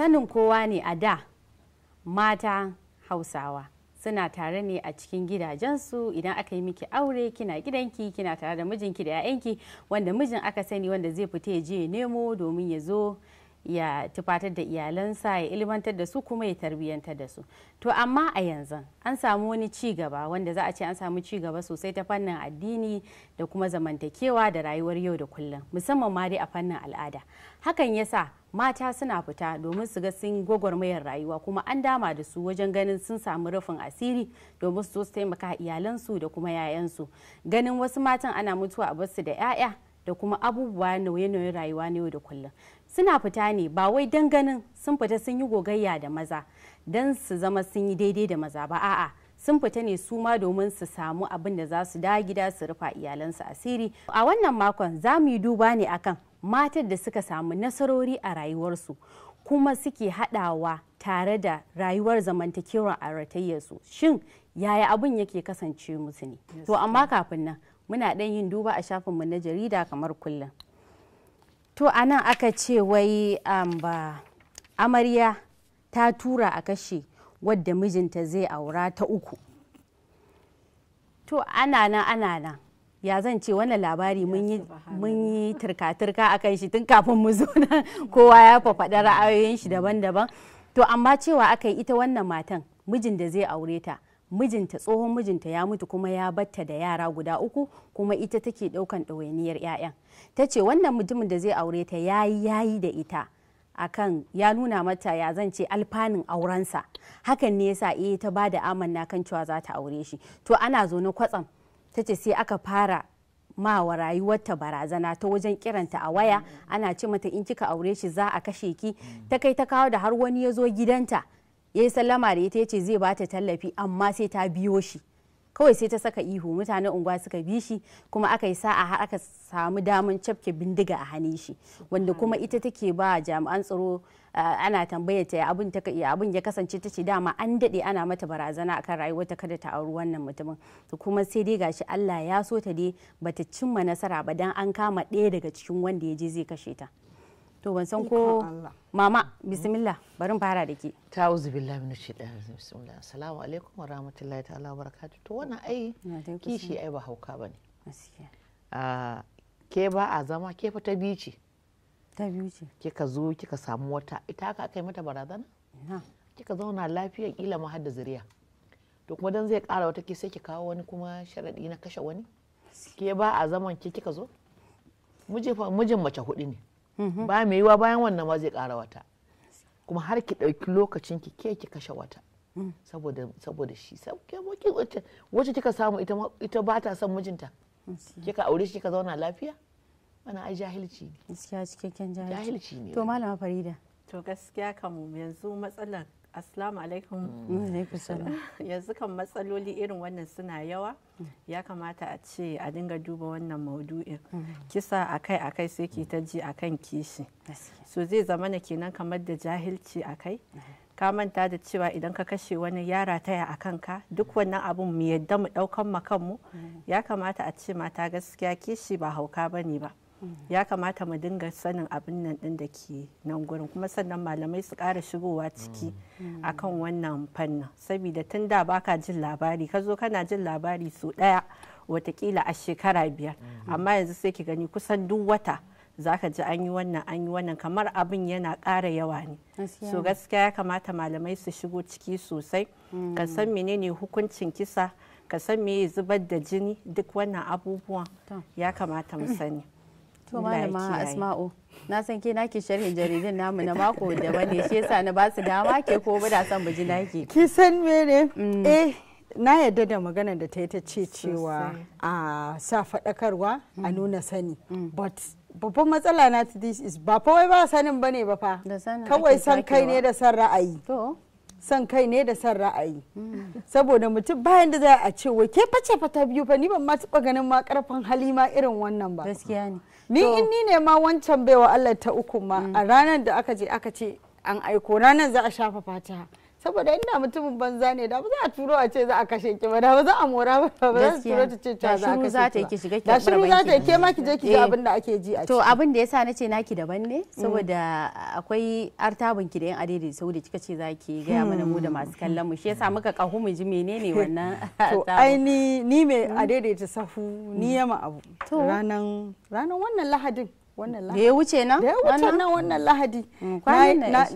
sanin kowa ne a da mata hausawa suna tare ne a cikin gidajensu idan aka yi miki aure kina gidanki kina tare da mijinki da 'ya'yanki wanda mijin aka sani wanda zai fita ya je nemo domin ya zo ya tufatar da iyalansa ya ilimantar da su kuma ya tarbiyyantar da su to amma a yanzu an samu wani ci gaba wanda za a ce an samu ci gaba sosai ta fannin addini da kuma zamantakewa da rayuwar yau da kullum musamman ma dai a fannin al'ada hakan yasa mata suna fita domin su ga sun gwagwarmayar rayuwa kuma an dama da su wajen ganin sun samu rufin asiri domin su su taimaka iyalansu da kuma 'ya'yansu ganin wasu matan ana mutuwa a basu da 'ya'ya da kuma abubuwa nauye-nauyen rayuwa na yau da kullum suna fita ne ba wai don ganin sun fita sun yi gogayya da maza don su zama sun yi daidai da maza ba a'a sun fita ne su ma domin su samu abin da za su da gida su rufa iyalansu asiri a wannan makon za mu yi duba ne akan matar da suka samu nasarori a rayuwarsu kuma suke haɗawa tare da rayuwar zamantakewar aratayyarsu shin yaya abin yake kasance musu ne to amma kafin nan muna ɗan yin duba a shafinmu na jarida kamar kullum to a nan aka ce wai um, ba amarya ta tura a kashe wadda mijinta zai aura ta uku to ana nan ana nan ya zan ce wannan labari mun yi turka-turka a kan shi tun kafin mu zo nan kowa ya fafaɗa ra'ayoyin shi daban-daban to amma cewa aka yi ita wannan matan mijin da zai aure ta mijinta tsohon mijinta ya mutu kuma ya batta da yara guda uku kuma ita take daukan ɗawainiyar 'ya'yan ta ce wannan mutumin da zai aure ta yayi yayi da ita akan ya nuna mata ya zan ce alfanin aurensa hakan ne yasa eh ta ba da amanna kan cewa za ta aure shi to ana zo na kwatsam ta ce sai aka fara ma wa rayuwarta barazana ta wajen kiranta a waya ana ce mata in kika aure shi za a kashe ki mm. ta kai ta kawo da har wani ya zo gidanta ya yi sallama da ita ya ce zai bata tallafi amma sai ta biyo shi kawai sai ta saka ihu mutanen unguwa suka bi shi kuma aka yi sa'a har aka samu daman cafke bindiga a hannun shi wanda kuma ita take ba jami'an tsaro ana tambayar ta abin ta abin ya kasance ta ce dama an dade ana mata barazana akan rayuwar ta kada ta auri wannan mutumin to kuma sai dai gashi Allah ya so ta dai bata cimma nasara ba dan an kama ɗaya daga cikin wanda ya je zai kashe ta to ban san ko Mama, bismillah, bari fara da ke. Ta'uzu billahi shi ɗaya rajim. Bismillah. Assalamu alaikum wa rahmatullahi ta'ala wa barakatuh. To wannan ai kishi ai ba hauka ba Gaskiya. Ah, ke ba a zama ke fa ta biyu ce. Ta biyu ce. Kika zo kika samu wata ita haka aka yi mata barazana? Kika zauna lafiya kila ma hadda zuriya. To kuma dan zai ƙara wata ke sai ki kawo wani kuma sharaɗi na kashe wani? Ke ba a zaman ke kika zo? Mijin mace hudu ne. Mm-hmm. ba mai yiwa bayan wannan ma zai kara wata kuma har ki ɗauki lokacin ki ke ki kashe wata mm. saboda saboda shi wacce kika samu ita ita ba ta son mijinta kika aure shi kika zauna lafiya wannan ai jahilci ne gaskiya cikakken jahilci ne to malama farida to gaskiya kam yanzu matsalar Assalamu alaikum. Mm. Yanzu kan matsaloli irin wannan suna yawa, ya kamata a ce a dinga duba wannan maudu'in. Mm. Kisa akai-akai sai ki ta ji akan kishi. So zai zama na kenan kamar da jahilci akai. Mm. Ka manta da cewa idan ka kashe wani yara taya a kanka duk wannan abun mu yadda mu ɗaukan mu kanmu ya kamata a ce mata gaskiya kishi ba hauka bane ba. ya kamata mu dinga sanin abin nan din da ke nan gurin kuma sannan malamai su ƙara shigowa ciki mm. akan wannan fannin saboda tun da baka jin labari ka zo kana jin labari su ɗaya watakila a shekara biyar mm-hmm. amma yanzu sai ki gani kusan duk wata ka ji an yi wannan an yi wannan kamar abin yana ƙara yawa ne so gaskiya ya kamata malamai su shigo ciki sosai mm. ka san menene hukuncin kisa ka san me zubar da jini duk wannan abubuwan ya kamata mu sani to malama asma'u na san ke naki sharhin jaridun namu na mako da bane shi yasa na ba su dama ke ko ba da san biji naki ki san mene mm. eh na yadda da maganar da ta yi ta ce cewa a sa faɗakarwa a mm. nuna sani mm. but babban matsala na to this is ba fa wai ba sanin bane ba fa kawai san kai ne da san ra'ayi son kai ne da son ra'ayi saboda mutum bayan da za a ce wai ke face fata biyu fa ni ban ma taba ganin ma karfin hali ma irin wannan ba gaskiya ne ni in ni ne ma wancan baiwa Allah ta uku ma a mm. ranar da aka je aka ce an aiko ranar za a shafa fata saboda ina mutumin banza ne da ba za a turo a ce za a kashe ki ba da ba za a mora ba ba za a turo ta ce za a kashe za ta yi ki shiga ki da shiru za ta yi ke ma ki je ki ga eh. abin da ake ji a to abin da yasa nace naki daban ne mm. saboda akwai artabun ki da yan adede saboda kika ce za ki ga mana mu da hmm. masu kallon mu shi yasa muka kahu mu ji menene wannan to ai ni ni me hmm. adede ta sahu ni yama abu ranan ranan wannan lahadin da ya wuce na da ya wuce nan wannan lahadi mm.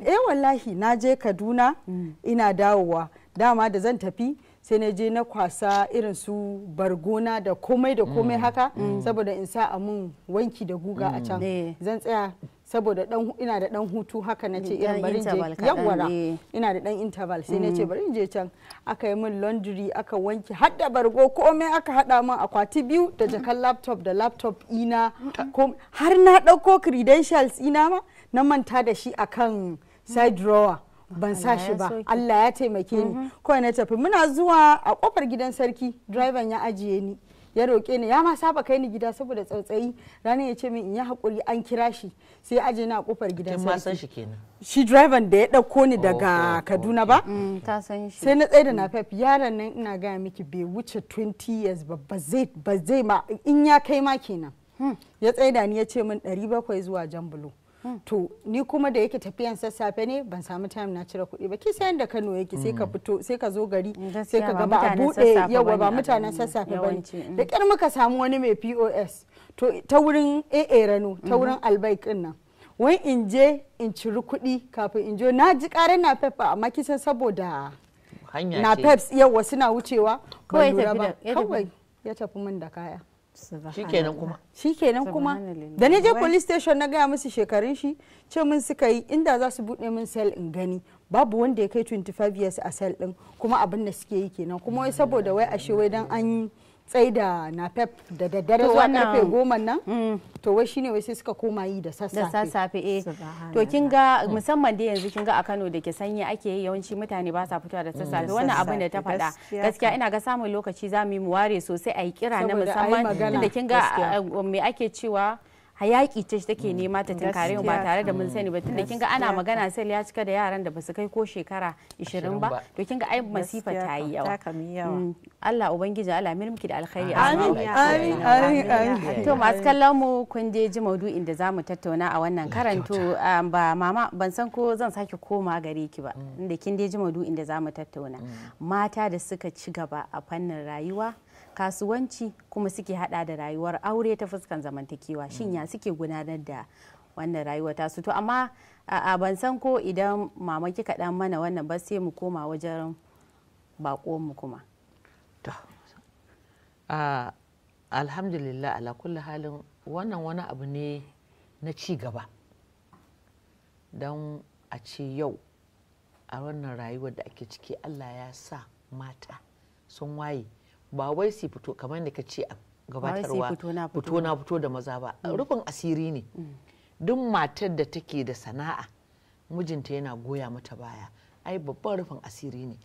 eh wallahi na je kaduna mm. ina dawowa dama da zan tafi sai na je na kwasa irin su bargona da komai da komai mm. haka saboda in sa a mun wanki da guga a can zan tsaya saboda ina da dan hutu haka na ce irin bari je yawara ina da dan interval sai na ce mm. bari je can aka yi min laundry aka wanke har bargo komai aka hada min akwati biyu da jakan laptop da laptop ina har na dauko credentials ina ma na manta da shi akan side drawer ban sa shi ba Allah ya taimake ni mm-hmm. kawai na tafi muna zuwa a kofar gidan sarki driver ya ajiye ni ya roƙe ni ya ma saba kai ni gida saboda tsautsayi ranar ya ce min in ya hakuri an kira shi sai aje na kofar gidan sarki san shi kenan shi driver da ya ɗauko ni daga Kaduna ba mm, ta san shi sai na tsaye da mm. na fef yaron nan ina gaya miki bai wuce 20 years ba ba zai ba zai ma in ya kai ma kenan hmm. ya tsaye da ni ya ce min 700 zuwa Jambulo Hmm. to ni kuma da yake tafiyan sassafe ne ban samu time na cire kuɗi ba kisa yanda Kano yake sai ka hmm. fito sai ka zo gari sai ka ga ba a buɗe yawa ba mutanen sassafe bane hmm. da kyar muka samu wani mai POS to ta wurin AA Rano ta wurin Albaik nan wai in je in ciri kuɗi kafin in je na ji ƙarar na fefa amma kisan saboda na peps yawa suna wucewa ba kawai ya tafi min da kaya shikenan kuma shikenan kuma da na je police station na gaya musu shekarun shi ce min suka yi inda za su bude min cell in gani babu wanda ya kai 25 years a cell din kuma abin da suke yi kenan kuma wai saboda wai ashe wai dan an yi tsai da napep da daddare zuwa karfe goma nan mm. to wai shine wai sai suka koma yi da sassafe da sassafe eh to kin ga musamman da yanzu kin ga a Kano da ke sanyi ake yi yawanci mutane ba sa fitowa da mm, sassafe wannan abin da ta faɗa gaskiya ina ga samun lokaci za mu yi mu ware sosai a yi kira na musamman da kin ga eh, me ake cewa hayaki ce take mm, nema ta tunkare ba tare da mun sani ba tunda kin ga ana magana sai ya cika da yaran da basu kai ko shekara 20 ba to kin ga ai masifa ta yi yawa mm. Allah ubangiji Allah mirmiki da alkhairi amin amin amin to masu kallon mu kun je ji maudu'in da zamu tattauna a wannan karanto ba mama ban san ko zan sake koma gare ki ba inda mm. kin je ji maudu'in da zamu tattauna mata da suka ci gaba a fannin rayuwa kasuwanci kuma suke hada da rayuwar aure ta fuskan zamantakewa shin ya suke gudanar da wannan rayuwa ta su to amma a ban san ko idan mama kika dan mana wannan ba sai mu koma wajen bakon mu kuma to alhamdulillah ala kulli halin wannan wani abu ne na ci gaba don a ce yau a wannan rayuwar da ake ciki allah ya sa mata sun waye ba wai su fito kamar da ka ce a gabatarwa fito na fito da maza ba mm. rufin asiri ne mm. duk matar da take da sana'a mijinta yana goya mata baya ai babban rufin asiri ne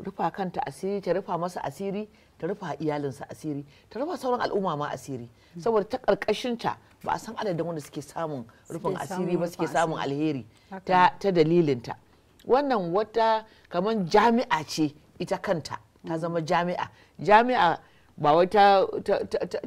rufa kanta asiri ta rufa masa asiri ta rufa iyalinsa asiri ta rufa sauran al'umma ma asiri mm. saboda ta ta ba a san adadin wanda suke samun rufin asiri ba suke samun alheri ta dalilinta wannan wata kamar jami'a ce ita kanta ta zama jami'a jami'a ba wai ta,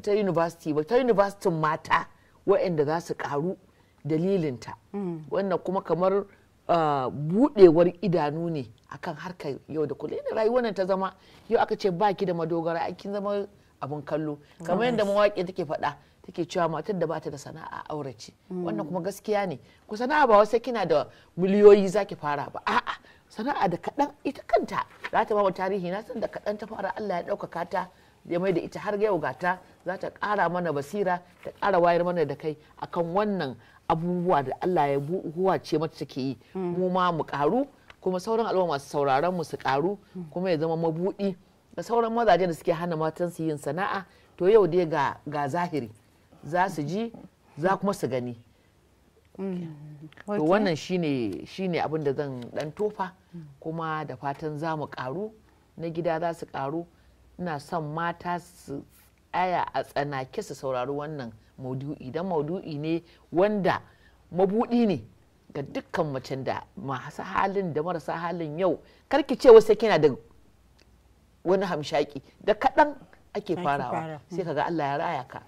ta, university ba ta university mata waɗanda za su karu dalilinta mm. wannan kuma kamar ah, budewar idanu ne akan harka yau da kullum rayuwar nan ta zama yau aka ce ba ki da madogara aikin zama abin kallo kamar yadda mawaƙi take faɗa take cewa matar da bata da sana'a aure ce mm. wannan kuma gaskiya ne ku sana'a ba sai kina da miliyoyi zaki fara ba a'a sana'a da kaɗan ita kanta za ta bawa tarihi na san da kaɗan ta fara Allah ya ɗaukaka ta ya mai da ita har yau gata za ta ƙara mana basira ta ƙara wayar mana da kai akan wannan abubuwa da Allah ya buwa ce mata take yi mm. mu ma mu ƙaru kuma sauran al'umma masu sauraron mu su ƙaru mm. kuma ya zama mabuɗi da sauran mazaje da suke hana matan su yin sana'a to yau dai ga ga zahiri za su ji za kuma su gani mm. to wannan shine shine abin da zan dan tofa kuma da fatan za mu karu na gida za su karu ina son mata su tsaya a tsanake su saurari wannan maudu'i don maudu'i ne wanda mabudi ne ga dukkan macen da masu halin da marasa halin yau karki ce wasu kina da wani hamshaki da kaɗan ake farawa sai kaga Allah ya raya ka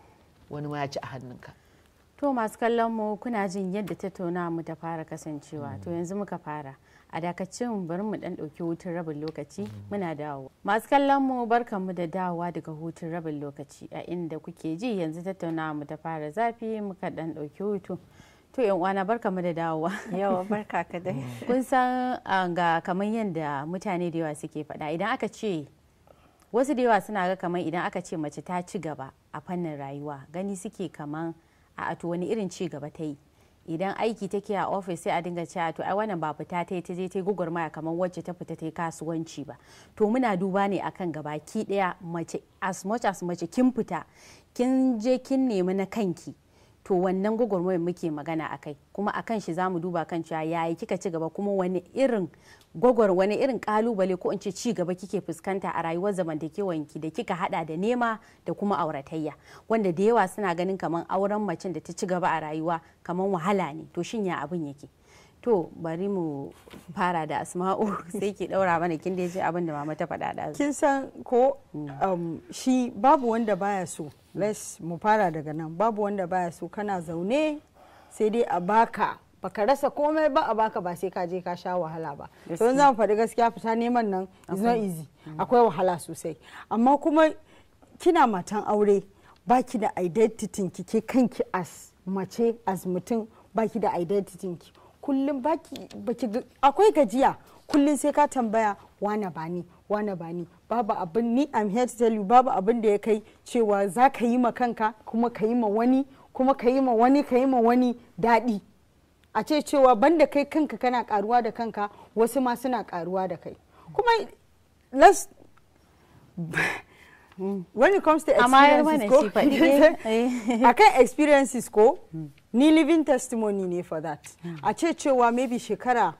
wani ma ya ci a hannunka To masu kallon mu kuna jin yadda tattauna mu ta fara kasancewa to yanzu muka fara a dakacin bari mu dan dauki hutun rabin lokaci muna dawo. Masu kallon mu barkan mu da dawowa daga hutun rabin lokaci a inda kuke ji yanzu tattauna mu ta fara zafi muka dan dauki hutu. To yan uwana barka mu da dawowa. Yawa barka ka dai. Kun san ga kamar yadda mutane da yawa suke faɗa idan aka ce wasu da yawa suna ga kamar idan aka ce mace ta ci gaba a fannin rayuwa gani suke kamar a to wani irin ci gaba ta yi idan aiki take a ofis sai a dinga cewa to ai wannan ba fita ta ta je ta gugurmaya kamar wacce ta fita ta yi kasuwanci ba to muna duba ne akan gaba ki daya mace as much as mace kin fita kin je kin nemi na kanki to wannan gwagwarmayar muke magana a kai kuma a kan shi za mu duba kan cewa yayi kika ci gaba kuma wani irin gwagwar wani irin kalubale ko in ce ci gaba kike fuskanta a rayuwar ki da kika hada da nema da kuma auratayya wanda da yawa suna ganin kamar auren macen da ta ci gaba a rayuwa kamar wahala ne to shin ya abin yake to bari mu fara da asma'u sai ki daura mana kin da ji abin da mama ta faɗa da kin san ko mm. um, shi babu wanda baya so les mu fara daga nan babu wanda baya so kana zaune sai dai a baka baka rasa komai ba a baka ba sai ka je ka sha wahala ba to yanzu zan faɗi gaskiya fita neman nan is not easy akwai wahala sosai amma kuma kina matan aure baki da identity ki ke kanki as mace as mutum baki da identity ki kullum baki akwai gajiya kullum sai ka tambaya wane bani wane bani babu abin ni am here to tell you babu abin da ya kai cewa za ka yi ma kanka kuma ka yi ma wani kuma ka yi ma wani ka yi ma wani daɗi a ce cewa banda kai kanka kana karuwa da kanka wasu ma suna karuwa da kai kuma let's when it comes to experiences ko akan experiences ko ni living testimony ne for that hmm. a ce cewa maybe shekara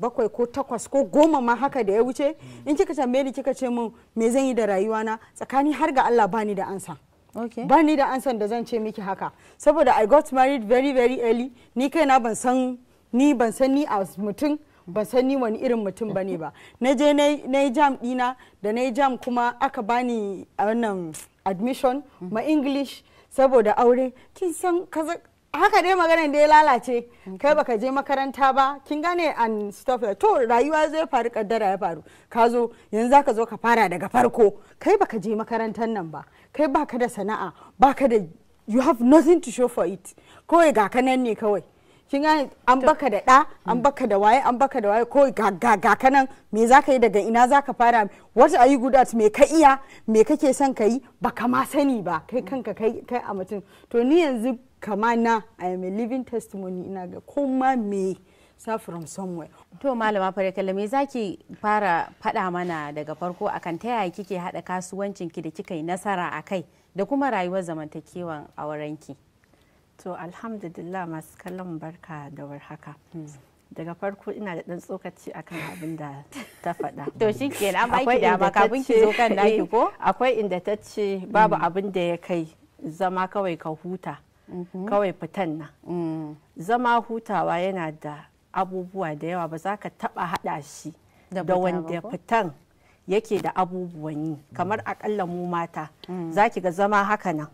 bakwai ko takwas ko goma ma haka da ya wuce in kika tambaye ni kika ce min me zan yi da rayuwana tsakani har ga Allah bani da ansa bani da ansan da zan ce miki haka saboda i got married very very early ni kai na ban san ni ban san ni a mutum ban san ni wani irin mutum bane ba na je na yi jam dina da na yi jam kuma aka bani wannan admission ma english saboda aure kin san kaza haka dai maganar da ya lalace kai baka je makaranta ba kin gane an stuff to rayuwa zai faru kaddara ya faru ka zo yanzu zaka zo ka fara daga farko kai baka je makarantar nan ba kai baka da sana'a baka da you have nothing to show for it kawai ga kanan ne kawai kin gane an baka da ɗa an mm. baka da waye an baka da waye kawai ga ga ga kanan me zaka yi daga ina zaka fara what are you good at me ka iya me kake son ka yi baka ma sani ba kai mm. kanka kai kai a mutum to ni yanzu kama na i am a living testimony ina ga koma me sa from somewhere to malama kalla me zaki fara fada mana daga farko akan ta yaya kike hada kasuwancin ki da kika yi nasara a kai da kuma rayuwar zamantakewan ki. to alhamdulillah masu kallon barka da warhaka daga farko ina da dan tsokaci akan abin da ta faɗa. to shi ke an baki dama kafin ki zo kan naki ko eh, akwai inda ta ce babu mm. abin da ya kai zama kawai ka huta Mhm. kawai fitan nan mm. zama hutawa yana da abubuwa da yawa ba za ka taba hada shi da wanda fitan yake da abubuwan yi kamar mm. akalla mu mata mm. za ki ga zama haka nan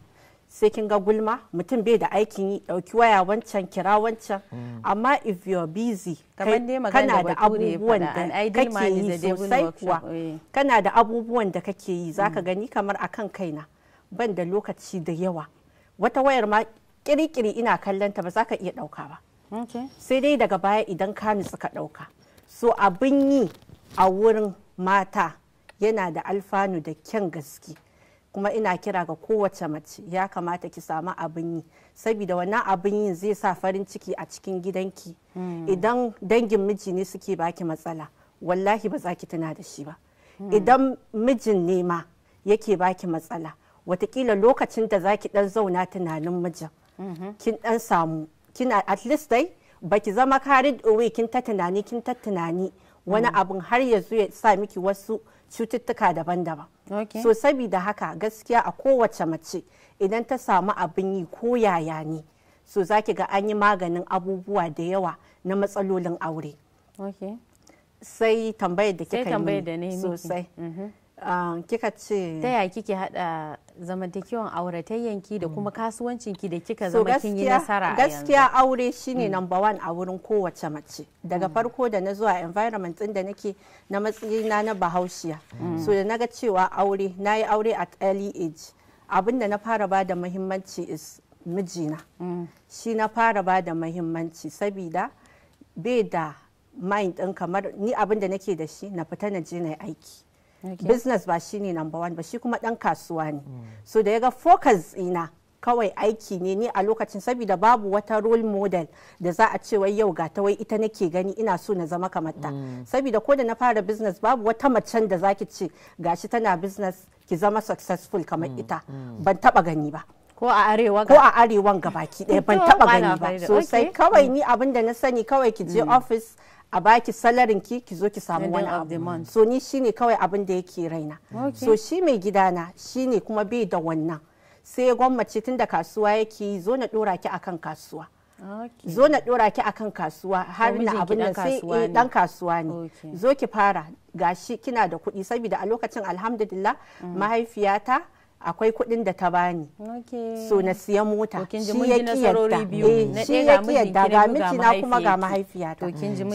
sai kin ga gulma mutum bai da aikin yi dauki waya wancan kira wancan amma if you are busy kana da abubuwan da kake yi sosai kuwa eh. kana da abubuwan da kake yi za ka gani kamar akan kaina ban da lokaci da yawa wata wayar ma kirikiri ina kallon ta ba za ka iya ɗauka ba sai dai daga baya idan ka nutsu ka ɗauka so abin yi a wurin mata yana da alfanu da kyan gaske kuma ina kira ga kowace mace ya kamata ki samu abin yi saboda wannan abin yin zai sa farin ciki a cikin gidanki hmm. idan dangin miji ne suke baki matsala wallahi ba za ki tuna da shi ba idan mijin ne ma yake baki matsala watakila lokacin da za ki dan zauna tunanin mijin kin dan samu kina at least dai baki zama carried away kin ta tunani kin ta tunani wani mm. abun har yanzu ya sa miki wasu cututtuka daban-daban okay. so sabida haka gaskiya a kowace mace idan ta samu abin yi ko yaya ne so zaki ga an yi maganin abubuwa da yawa na matsalolin aure sai tambayar da kika yi sosai mhm. Ah, kika ce ta ya kike hada zamantakewan ki da kuma mm. ki da kika zama kin yi nasara gaskiya aure shine mm. number one a wurin kowace mace daga mm. farko da na zuwa environment din da nake na matsayina na bahaushiya so da naga cewa aure na yi aure at early age abin da na fara ba da muhimmanci is mijina shi na fara ba da muhimmanci sabida bai da mind din kamar ni abinda nake da shi na fita na je na aiki business ba shine number one ba shi kuma dan kasuwa ne so da ya ga focus ina kawai aiki ne ni a lokacin saboda babu wata role model da za a ce wai yau ga ta wai ita nake gani ina so na zama kamar ta mm. saboda ko da na fara business babu wata macen da zaki ce gashi tana business ki zama successful kamar mm, ita mm. ban taba gani ba ko a arewa ko a arewan gabaki ɗaya ban taba gani ba sosai kawai ni abin da na sani kawai ki je office a baki salarin ki ki zo ki samu wani abu so ni shine kawai abin da yake raina so shi mai gidana shine kuma bai da wannan sai gwammace tun da kasuwa yake zo na dora ki akan kasuwa zo na dora ki akan kasuwa har na abin nan sai dan eh, kasuwa ne zo ki fara gashi kina da kuɗi saboda a lokacin alhamdulillah mm. mahaifiyata akwai kuɗin da ta bani so na siya mota shi ya ki yadda eh, shi ya ki yadda ga mijina kuma ga mahaifiyata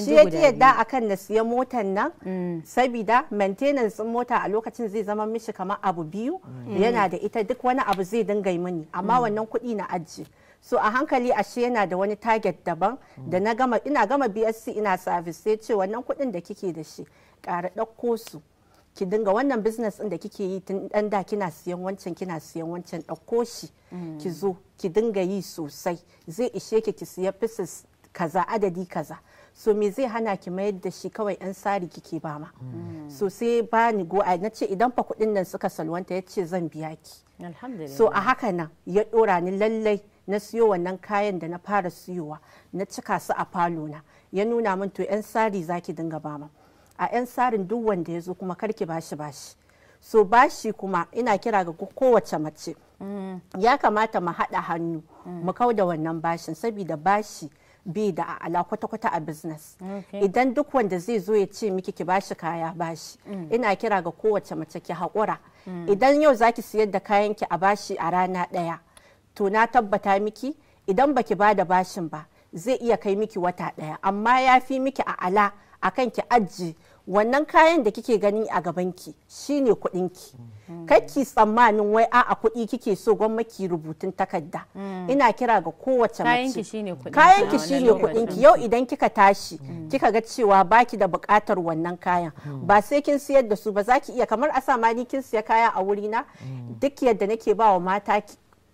shi ya ki yadda akan na siya motan nan mm. sabida maintenance mota a lokacin zai zama mishi kamar abu biyu mm. yana da ita duk wani abu zai dinga yi mini amma mm. wannan kuɗi na ajiye so a hankali ashe yana da wani target daban da na gama ina gama bsc ina service sai ce wannan kuɗin da kike da shi ƙara ɗauko su ki dinga wannan business din da kike yi tun dan da kina siyan wancan kina siyan wancan dauko shi mm. ki zo ki dinga yi sosai zai ishe ki ki siya pieces kaza adadi kaza so me zai hana ki mayar da shi kawai yan sari kike ba ma mm. Mm. so sai ba ni go na ce idan fa kudin nan suka salwanta ya ce zan biya ki so a haka nan ya ɗora ni lallai na siyo wannan kayan da na fara siyowa na cika su a falo na ya nuna min to yan sari zaki dinga ba ma. a 'yan tsarin duk wanda ya zo kuma karki bashi bashi so bashi kuma ina kira ga kowace mace mm. ya kamata mu haɗa hannu mm. mu kau da wannan bashin saboda bashi bi da ala kwata-kwata a business idan duk wanda zai zo ya ce miki ki bashi kaya bashi mm. ina kira ga kowace mace ki haƙura idan yau zaki siyar da kayan ki a bashi a rana ɗaya to na tabbata miki idan baki ba da bashin ba zai iya kai miki wata ɗaya amma ya fi miki a ala akan ki ajiye wannan kayan da kike gani a gabanki shine kuɗinki ki tsammanin wai a kuɗi kike so gwamnati rubutun takarda mm. ina kira ga kowace mace kayanki shine kuɗinki yau idan kika tashi mm. kika ga cewa baki da bukatar wannan kayan mm. ba sai kin siyar da su ba za ki iya kamar a sa ni kin siya kaya a wuri na. duk yadda nake ba wa mata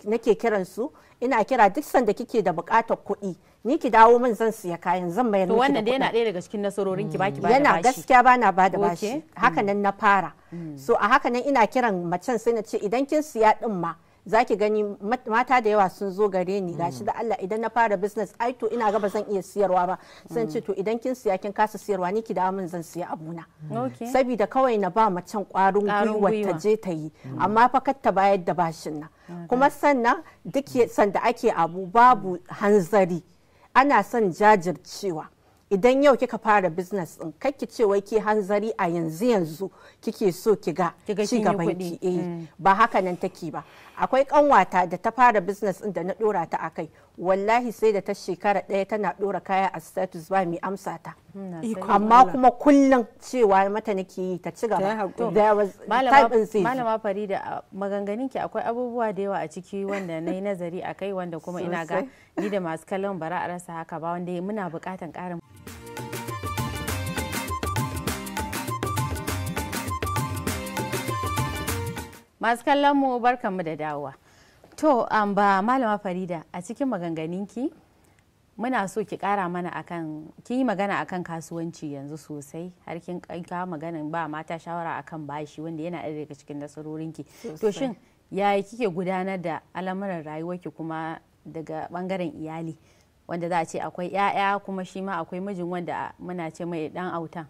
nake kiran su ina kira duk sanda kike da bukatar kuɗi ni ki dawo min zan siya kayan zan mayar miki wannan dai yana ɗaya daga cikin nasarorin ki baki bada bashi yana gaskiya bana bada bashi haka mm. nan na fara mm. so a haka nan ina kiran macen sai na ce idan kin siya din ma zaki gani mata da yawa sun zo gare ni gashi mm. da Allah idan na fara business ai to ina gaba zan iya siyarwa ba san ce to idan kin siya kin kasa siyarwa ni ki dawo min zan siya abuna saboda kawai na ba macen kwarin gwiwa ta je ta yi amma fa kar ta bayar da bashin nan kuma sannan duk sanda ake abu babu hanzari ana son jajircewa idan yau kika fara business din kake ce wai ke hanzari a yanzu yanzu kike so kiga ga ci gaban ki eh, mm. ba haka nan take ba akwai kanwata da ta fara business din da na dora ta akai wallahi sai da ta shekara ɗaya tana dora kaya a status ba mai amsa ta amma kuma kullum cewa mata nake yi ta ci gaba malama farida maganganin ki akwai abubuwa da yawa a ciki wanda na yi nazari akai wanda kuma ina ga ni da masu kallon bara a rasa haka ba wanda muna bukatan karin masu kallon mu barkanmu da dawowa to an um, ba malama farida a cikin maganganinki muna so ki kara mana akan kin yi magana akan kasuwanci yanzu sosai har kin ka magana ba mata shawara akan bashi wanda yana ɗaya daga cikin nasarorinki to shin yaya kike gudanar da al'amuran rayuwarki kuma daga bangaren iyali wanda za a ce akwai 'ya'ya kuma shi ma akwai mijin wanda muna ce mai dan autan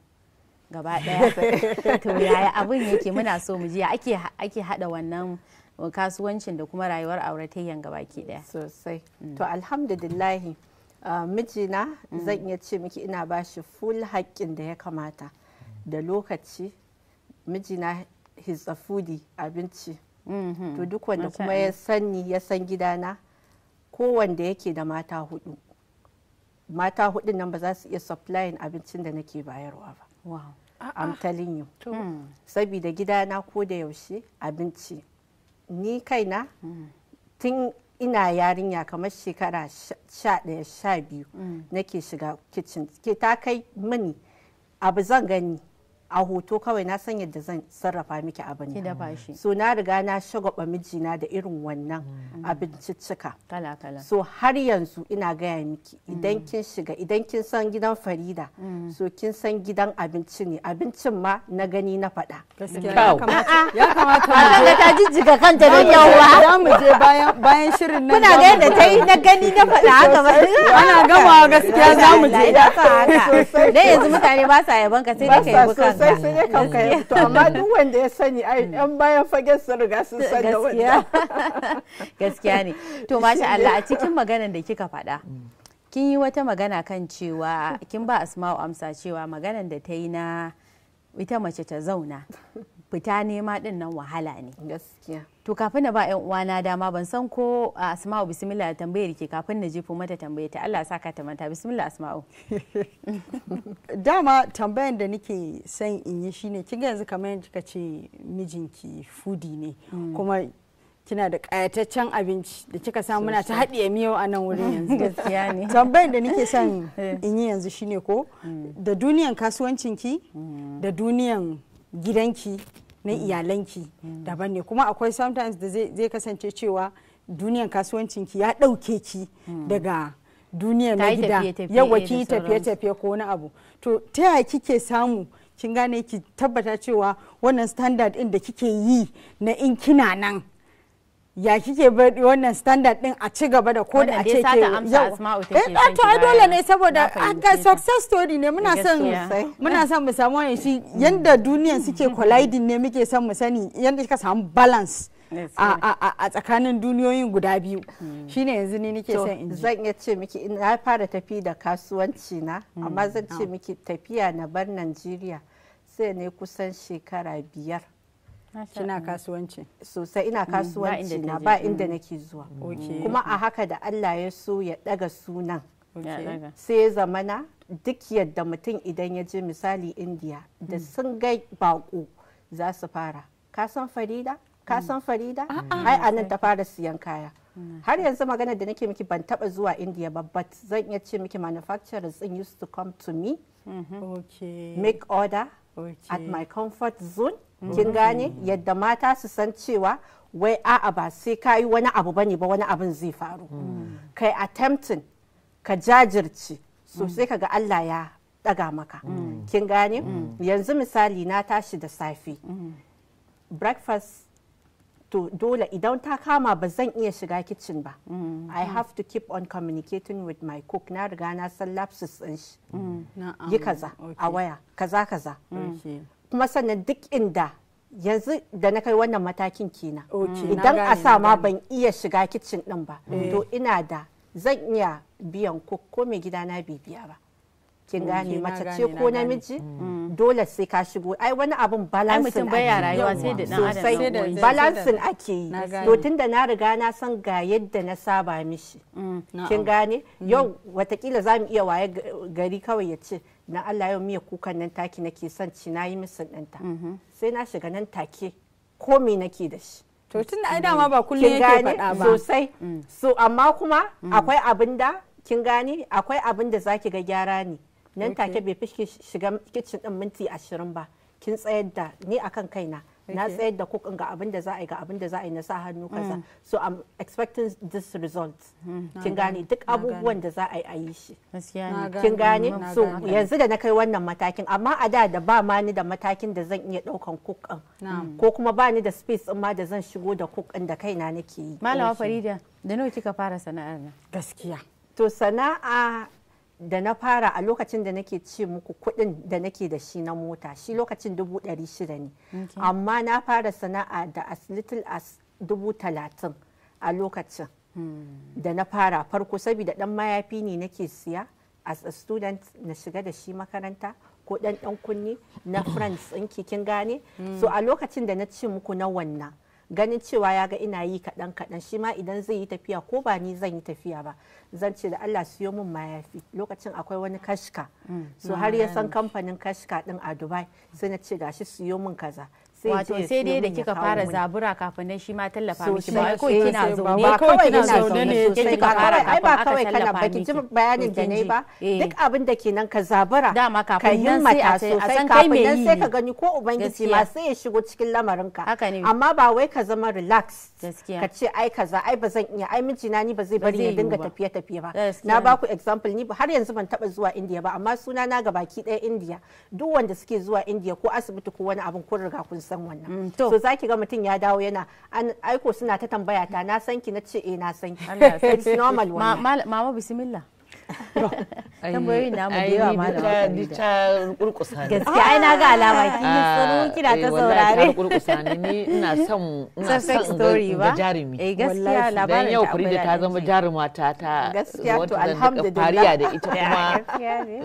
gaba daya to yaya abin yake muna so mu jiya ake ake hada wannan kasuwancin da kuma rayuwar auratayyan ke daya sosai mm. to alhamdulillahi ah, mijina mm. zan iya ce miki ina ba shi full haƙƙin da ya kamata da lokaci mijina his a foodie abinci mm-hmm. to duk wanda kuma ya sani ya san gidana kowanda yake da mata hudu mata hudun nan ba za su iya supplying abincin da nake bayarwa ba I'm telling you. Hmm. Saboda gidana ko da yaushe abinci. Ni kaina hmm. tun ina yarinya kamar shekara sha ɗaya sha biyu hmm. nake shiga kicin. Ke ta kai mini abu zan gani a hoto kawai na san yadda zan sarrafa miki abin nan so na riga na shagwaba mijina da irin wannan mm. abinciccika so har yanzu ina gaya miki mm. idan kin shiga idan kin san gidan farida mm. so kin san gidan abinci ne abincin ma na gani na faɗa ya kamata mu ta jijjiga kanta da yawa za mu je bayan shirin nan kuna ga yadda ta yi na gani na faɗa haka ba ana gamawa gaskiya za mu je da yanzu mutane ba sa yaban ka sai da kai bukata sai sun yi kai to amma duk wanda ya sani ai mm. yan bayan fagen sun riga sun san da wanda gaskiya ne to masha Allah a cikin maganar da kika faɗa mm. kin yi wata magana kan cewa kin ba asma'u amsa cewa maganar da ta yi na ita mace ta zauna fita nema din nan wahala ne gaskiya to kafin na ba yan uwana dama ban san ko asma'u bismillah tambayar ke kafin na jefo mata tambayar ta Allah saka ta manta bismillah asma'u dama tambayar da nake son in yi shine kin yanzu kamar yanzu kika ce mijinki fudi ne mm. kuma kina da kayataccen abinci da kika sa muna ta haɗiye miyau a nan wurin yanzu gaskiya ne tambayar da nake son eh. in yi yanzu shine ko mm. da duniyan kasuwancinki mm. da duniyan gidanki na hmm. iyalanki hmm. daban ne kuma akwai sometimes da zai kasance cewa duniyan kasuwancinki ya ɗauke ki hmm. daga duniyan na gida yawa ki tafiye-tafiye ko wani abu to ta yaya kike samu kin gane ki tabbata cewa wannan standard din da kike yi na in kina nan ya kike bar wannan standard din a ci gaba da ko da a ce ke yau eh ah, to ai dole ne saboda ga success story ne muna son muna son mu samu wani shi yanda duniyan suke colliding ne muke son mu sani yanda ka samu balance a tsakanin duniyoyin guda biyu hmm. shine yanzu ni nake son inji. zan iya ce miki in na fara tafi da kasuwanci na hmm. amma zan ce miki tafiya na bar Najeriya sai ne kusan shekara biyar kina kasuwanci sosai ina mm, kasuwanci na ba inda mm. nake zuwa mm. kuma a haka da Allah ya so ya daga sunan sai ya zamana duk yadda mutum idan ya je misali indiya da sun gai bako za su fara kasan farida kasan farida ah, ah. ai anan ta fara siyan kaya har yanzu magana da nake miki ban taba zuwa indiya ba but zan iya ce miki manufacturers in used to come to me mm-hmm. make order at my comfort zone kin mm. gane yadda mata su san cewa wai a'a ba sai ka yi wani abu bane ba wani abin zai faru mm. kai attempting ka jajirce sosai mm. ka ga Allah ya daga maka kin gane yanzu misali na tashi da safe breakfast to dole idan ta kama ba zan iya shiga kitchen ba i have to keep on communicating with my cook na riga na san lapses din shi yi kaza a waya kaza kaza kuma sannan duk inda yanzu da na kai wannan matakin kenan idan a sa ma ban iya shiga kicin din ba eh. to ina da zan iya biyan ko mai gidana bai biya ba kin gane mace ce ko namiji mm. dole sai ka shigo ai wani abun balansin ake rayuwa sai da dan adam balansin ake yi to tunda na riga na san ga yadda na saba mishi mm. kin gane mm. yau watakila za mu iya waye gari kawai ya ce na Allah yau miya kukan nan taki nake son ci nayi misin ɗinta mm-hmm. sai na shiga nan take ko me nake da shi to tunda ai dama ba kullum yake faɗa ba sosai so amma kuma akwai abinda kin gane akwai abinda zaki ga gyara ne nan take bai fi shiga kicin din minti ashirin ba kin tsayar da ni akan kaina na tsayar da kukin ga abin da za a yi ga abin da za a yi na sa hannu kaza mm. so i'm expecting this result mm, kin gane duk abubuwan da za a yi a yi shi kin gane so yanzu da na kai wannan matakin amma a da da ba ma ni da matakin da zan iya daukan kukin ko kuma ba ni da space ma da zan shigo da kukin da kaina nake yi malama farida da nawa kika fara sana'ar nan gaskiya to sana'a da na fara a lokacin da nake ce muku kuɗin da nake da shi na mota shi lokacin dubu ɗari shida ne amma na fara sana'a da as little as dubu talatin a lokacin hmm. da na fara farko saboda ɗan mayafi ne nake siya as a student na shiga da shi makaranta ko ɗan ɗan kunni na france in kin gane hmm. so a lokacin da na ce muku na wannan ganin cewa ya ga ina yi kaɗan kaɗan shi ma idan zai yi tafiya ko ba ni zan yi tafiya ba zan ce da Allah siyo min mayafi lokacin akwai wani kashka mm, so har ya san kamfanin kashka ɗin a Dubai sai na ce gashi siyo min kaza wato sai dai da kika fara zabura kafin nan shi ma tallafa miki ba ko kina zaune ba kawai kina zaune ne ke kika fara kafin ba kawai kana ba ki ji bayanin da nayi ba eh. duk abin da kenan ka zabura dama kafin nan sai a san kai me sai ka gani ko ubangiji ma sai ya shigo cikin lamarin ka amma ba wai ka zama relax ka ce ai kaza ai ba zan iya ai mijina ni ba zai bari ya dinga tafiye tafiye ba na ba ku example ni har yanzu ban taba zuwa India ba amma suna na gabaki ɗaya India duk wanda suke zuwa India ko asibiti ko wani abin kun riga kun san san wannan mm, so zaki ga mutum ya dawo yana an aiko suna ta tambaya ta na san ki na ce eh na san ki it's normal wannan mama bismillah tambayoyi na mu da yawa ma da ta kurkusa ne gaskiya ai na ga alama ki yi ah, tsaro kina ta eh, saurare ta kurkusa ne ni ina son ina son story ba jarumi eh gaskiya labarin yau kuri da ta zama jaruma ta ta gaskiya to alhamdulillah fariya da ita kuma Gaskiya ne.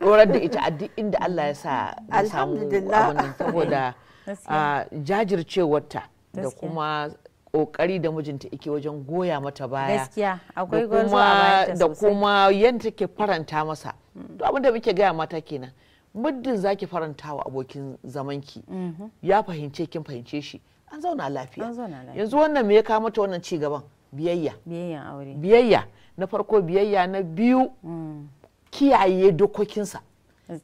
dorar da ita a duk inda Allah ya sa alhamdulillah saboda a jajircewarta da kuma kokari da mijinta ike wajen goya mata baya da kuma yadda take faranta masa to abinda muke gaya mata kenan muddin zaki faranta wa abokin zamanki mhm. ya fahimce kin fahimce shi an zauna lafiya yanzu wannan me ya kawo mata wannan ci gaban biyayya biyayya biyayya na farko biyayya na biyu mm. kiyaye dokokinsa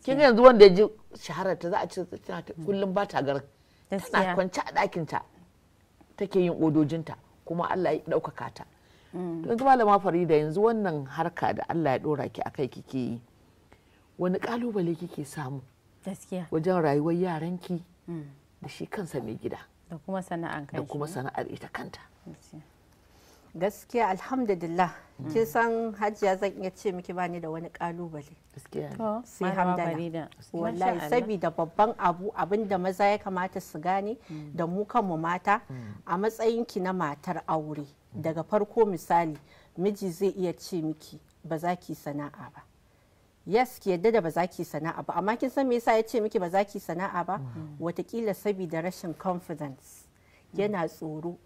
kin yanzu wanda ya ji shahararta za a ce tana hmm. kullum ba ta garin tana kwance a ɗakinta take yin odojinta kuma Allah ya ɗaukaka ta yanzu hmm. malama farida yanzu wannan harka da Allah ya ɗora ki akai kike yi wani kalubale kike samu wajen rayuwar yaranki hmm. da shi kansa mai gida da kuma sana'ar ita kanta gaskiya alhamdulillah hmm. kin san hajiya zan iya ce miki bani da wani kalubale sai hamdana wallahi saboda babban abu abin da maza ya kamata su gane hmm. da mu kanmu mata hmm. a matsayin ki na matar aure daga farko misali miji zai iya ce miki ba za ki sana'a ba yes ki yadda da ba za ki sana'a ba amma kin san me yasa ya ce miki ba za ki sana'a ba watakila saboda rashin confidence yana tsoro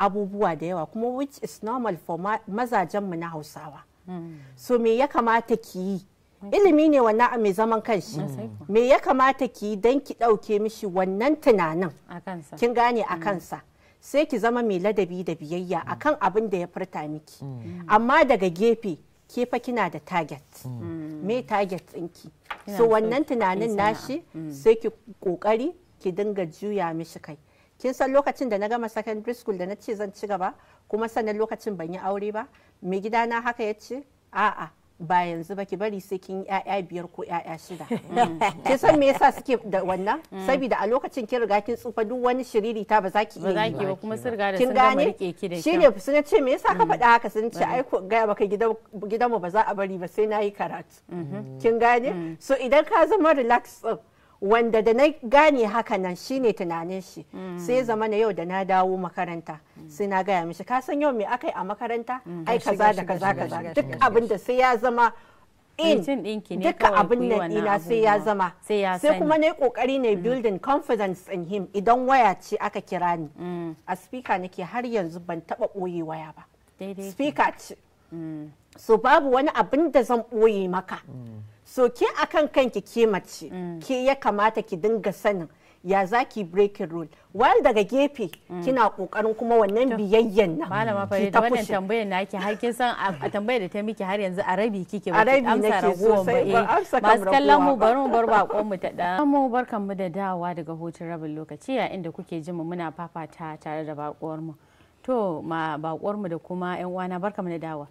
abubuwa da yawa kuma which is normal for mazajenmu na hausawa hmm. so me ya kamata ki yi ilimi ne wannan mai zaman kanshi me ya kamata ki yi don ki ɗauke mishi wannan tunanin kin gane a hmm. kansa sai ki zama mai ladabi da biyayya hmm. akan abin da ya furta miki amma daga gefe kefa kina da target me target ɗinki so wannan tunanin nashi sai ki ƙoƙari ki dinga juya mishi kai kin san lokacin da na gama secondary school da na ce zan ci gaba kuma sanin lokacin ban yi aure ba mai na haka ya ce a'a ba yanzu ba ki bari sai kin ya'ya biyar ko ya'ya shida mm. kin san me yasa suke da wannan mm. saboda a lokacin kin riga kin tsufa duk wani shiriri ta ba za ki iya yi ba kuma sun riga da sun gama rike ki da shi ne sun ce me yasa ka mm. faɗa haka sun ce ai ko ga baka gidanmu ba za a bari ba sai na yi karatu mm-hmm. kin gane so idan ka zama relax wanda da na gane haka nan shine tunanin shi sai zama na yau da na dawo makaranta sai na gaya mishi ka san yau me aka yi a makaranta mm, ai kaza da kaza kaza duk abin da sai ya zama in duka abin nan ina sai ya zama sai kuma na yi kokari ne mm. building confidence in him idan waya ce aka kira ni mm. a speaker nake har yanzu ban taba ɓoye waya ba speaker ce so babu wani abin da zan ɓoye maka so ke akan kanki ke mace mm. ke ya kamata ki dinga sanin ya za ki breaking rule while daga gefe mm. kina kokarin kuma wannan biyayyen nan malama fa da wannan tambayar naki har kin san a tambayar da ta miki har yanzu a rabi kike ba ki amsa ragowar ba eh masu kallon mu bari mu bar bakon mu ta da mu barkan mu da dawa daga hutun rabin lokaci a inda kuke jin mu muna fafata tare da bakuwar mu to ma mu da kuma yan uwana barkamu da dawa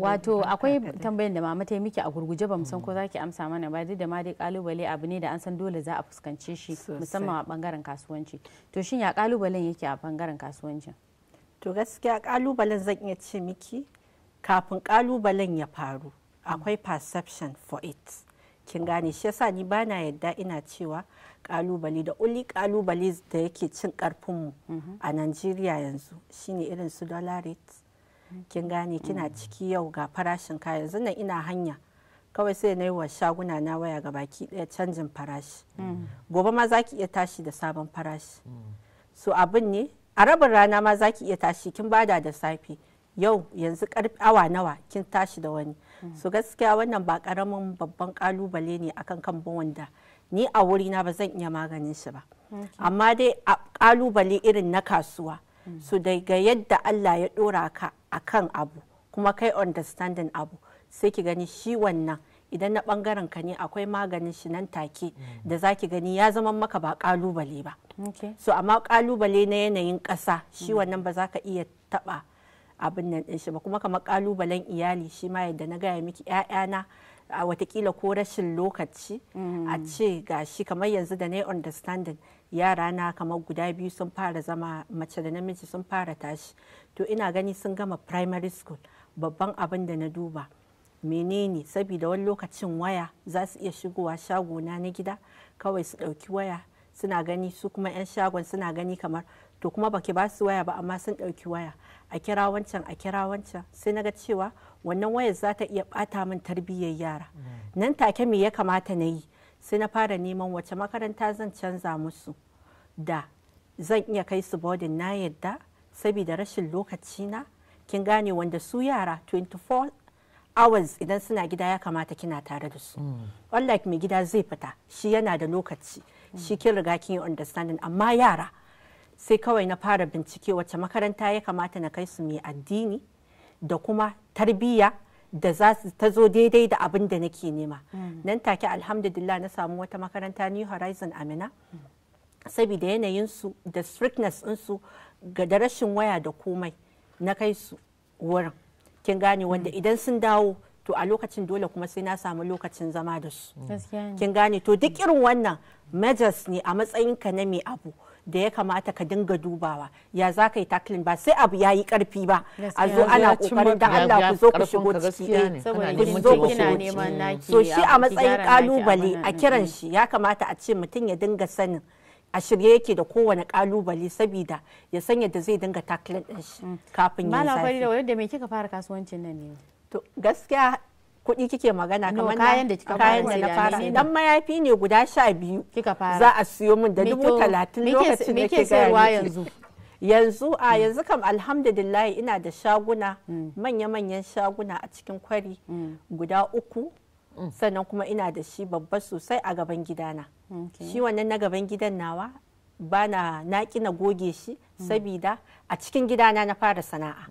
wato akwai tambayan da mama ta yi miki a gurguje ba san ko mm. zaki amsa mana ba duk da ma dai kalubale abu ne da an san dole za a fuskance shi musamman a bangaren kasuwanci to shin ya kalubalen yake a bangaren kasuwancin to gaskiya kalubalen zan iya ce miki kafin kalubalen ya faru akwai perception for it kin gane shi yasa ni bana yadda ina cewa kalubale da uli kalubale da yake cin karfinmu a najeriya yanzu shine irin su dollar rate kin gane kina ciki yau ga farashin kaya yanzu nan ina hanya kawai sai na yi wa shaguna na waya ga baki daya canjin farashi gobe ma za ki iya tashi da sabon farashi so abin ne a rabin rana ma za ki iya tashi kin bada da safe yau yanzu karfi awa nawa kin tashi da wani so gaskiya wannan ba karamin babban kalubale ne akan kan wanda ni a wurina ba zan iya maganin shi ba amma dai a kalubale irin na kasuwa mm. su daga yadda Allah ya dora ka akan abu kuma kai understanding abu sai ki gani shi wannan idan na bangaren ka ne akwai maganin shi nan take mm. da zaki gani ya zama maka ba kalubale ba so amma kalubale na yanayin ƙasa shi mm. wannan ba za ka iya taba abin nan din shi ba kuma kamar kalubalen iyali shi ma yadda na gaya miki 'ya'yana a watakila ko rashin lokaci a mm. ce gashi kamar yanzu da na understanding yara na kamar guda biyu sun fara zama mace da namiji sun fara tashi to ina gani sun gama primary school babban abin da na duba menene saboda wani lokacin waya za su iya shigowa shagona na gida kawai su ɗauki waya suna gani su kuma 'yan shagon suna gani kamar to kuma baki ba su waya ba amma sun ɗauki waya a kira wancan a kira wancan sai na ga cewa wannan wayar za ta iya ɓata min tarbiyyar yara mm. nan take me ya kamata na yi sai na fara neman wace makaranta zan canza musu da zan iya kai su bodin na yadda saboda rashin lokaci na kin gane wanda su yara 24 hours idan suna gida ya kamata kina tare da su mm. unlike mai gida zai fita shi yana da lokaci mm. shi kin riga kin yi understanding amma yara sai kawai na fara bincike wacce makaranta ya kamata na kai su mai addini da kuma tarbiyya da za su ta zo daidai da abin da nake nema mm. nan take alhamdulillah na samu wata makaranta new horizon amina saboda yanayin su da strictness su ga da rashin waya da komai na kai su wurin kin gane mm. wanda idan sun dawo to a lokacin dole kuma sai na samu lokacin zama da su kin gane to duk irin wannan Majors ne a matsayin ka na mai abu da ya kamata ka dinga dubawa ya za ka yi tackling ba sai abu ya yi karfi ba a zo ana kokarin da Allah ku zo ku shigo ciki ku zo ku shigo mm. so shi a matsayin kalubale a kiran shi ya kamata a ce mutum ya dinga sanin a shirye yake da kowane kalubale saboda ya san yadda zai dinga tackling din shi mm. kafin ya zafi. Malam me kika fara kasuwancin nan ne? To gaskiya kuɗi kike magana kamar kayan da kika kayan da na fara dan mayafi ne guda sha biyu kika fara za a siyo min da dubu talatin lokacin da ke gaya yanzu yanzu a hmm. yanzu kam alhamdulillah ina da shaguna hmm. manya-manyan shaguna a cikin kwari hmm. guda uku sannan kuma ina da shi babba sosai a gaban gidana shi wannan na gaban gidan nawa bana na na goge shi sabida a cikin gidana na fara sana'a